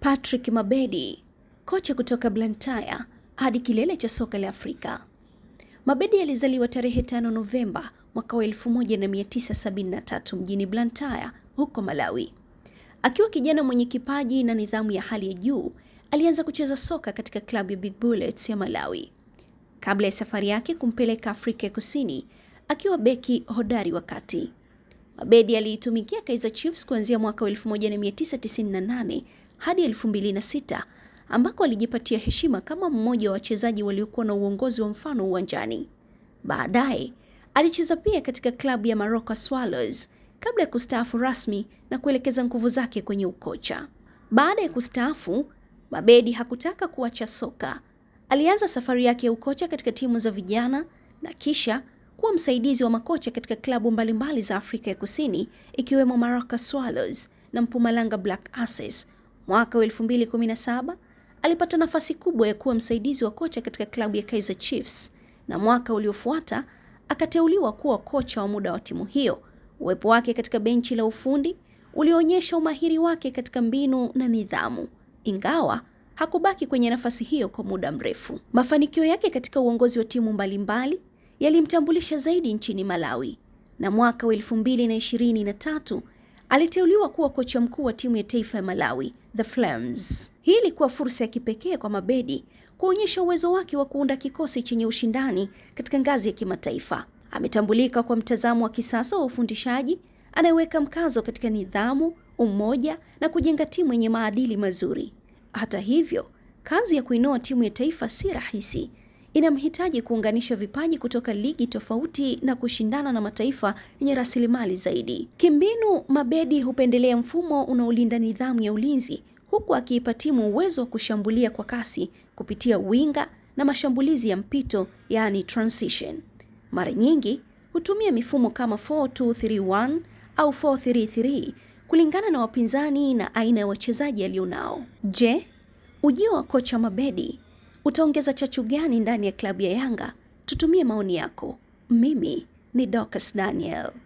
Patrick Mabedi, kocha kutoka Blantyre hadi kilele cha soka la Afrika. Mabedi alizaliwa tarehe 5 Novemba mwaka wa 1973 mjini Blantyre huko Malawi. Akiwa kijana mwenye kipaji na nidhamu ya hali ya juu, alianza kucheza soka katika klabu ya Big Bullets ya Malawi kabla ya safari yake kumpeleka Afrika ya Kusini akiwa beki hodari wa kati. Mabedi aliitumikia Kaizer Chiefs kuanzia mwaka 1998 hadi 2006 ambako alijipatia heshima kama mmoja wa wachezaji waliokuwa na uongozi wa mfano uwanjani. Baadaye alicheza pia katika klabu ya Morocco Swallows kabla ya kustaafu rasmi na kuelekeza nguvu zake kwenye ukocha. Baada ya kustaafu, Mabedi hakutaka kuacha soka. Alianza safari yake ya ukocha katika timu za vijana na kisha kuwa msaidizi wa makocha katika klabu mbalimbali za Afrika ya Kusini ikiwemo Maroka Swallows na Mpumalanga Black Aces Mwaka wa 2017 alipata nafasi kubwa ya kuwa msaidizi wa kocha katika klabu ya Kaizer Chiefs na mwaka uliofuata akateuliwa kuwa kocha wa muda wa timu hiyo. Uwepo wake katika benchi la ufundi ulionyesha umahiri wake katika mbinu na nidhamu, ingawa hakubaki kwenye nafasi hiyo kwa muda mrefu. Mafanikio yake katika uongozi wa timu mbalimbali yalimtambulisha zaidi nchini Malawi, na mwaka wa 2023 aliteuliwa kuwa kocha mkuu wa timu ya taifa ya Malawi, The Flames. Hii ilikuwa fursa ya kipekee kwa Mabedi kuonyesha uwezo wake wa kuunda kikosi chenye ushindani katika ngazi ya kimataifa. Ametambulika kwa mtazamo wa kisasa wa ufundishaji anayeweka mkazo katika nidhamu, umoja na kujenga timu yenye maadili mazuri. Hata hivyo, kazi ya kuinua timu ya taifa si rahisi inamhitaji kuunganisha vipaji kutoka ligi tofauti na kushindana na mataifa yenye rasilimali zaidi. Kimbinu, Mabedi hupendelea mfumo unaolinda nidhamu ya ulinzi huku akiipa timu uwezo wa kushambulia kwa kasi kupitia winga na mashambulizi ya mpito, yani transition. Mara nyingi hutumia mifumo kama 4231 au 433 kulingana na wapinzani na aina ya wachezaji alionao. Je, ujio wa kocha Mabedi Utaongeza chachu gani ndani ya klabu ya Yanga? Tutumie maoni yako. Mimi ni Dorcas Daniel.